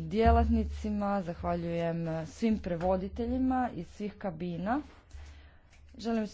djelatnicima, zahvaljujem svim prevoditeljima iz svih kabina. Želim